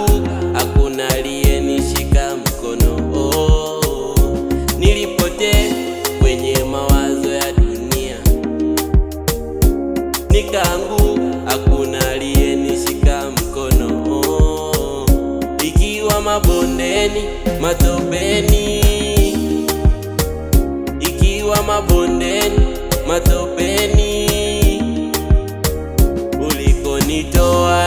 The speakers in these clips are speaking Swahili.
wangu hakuna aliyenishika mkono oh, oh, oh. Nilipotea kwenye mawazo ya dunia, nikaanguka, hakuna aliyenishika mkono oh, oh. Ikiwa mabondeni, matopeni, ikiwa mabondeni, matopeni ulikonitoa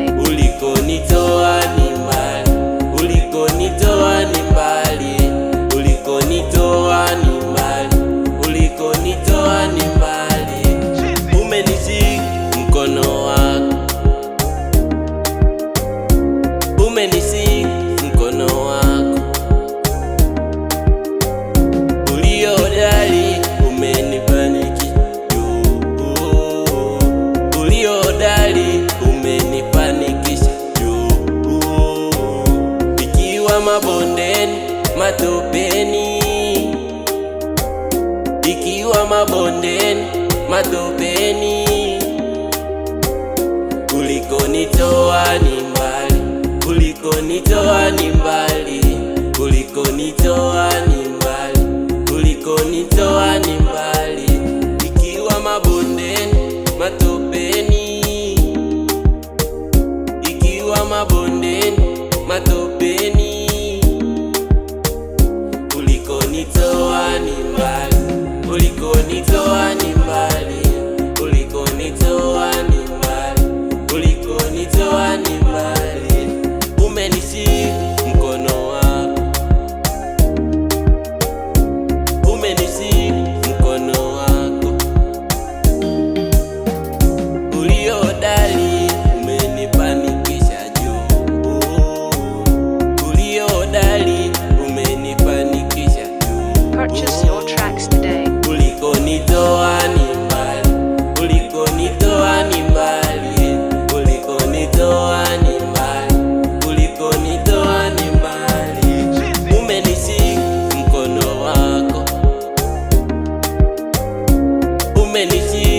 matopeni, kulikonitoa ni mbali, kulikonitoa ni mbali, kuliko kulikonitoa feliz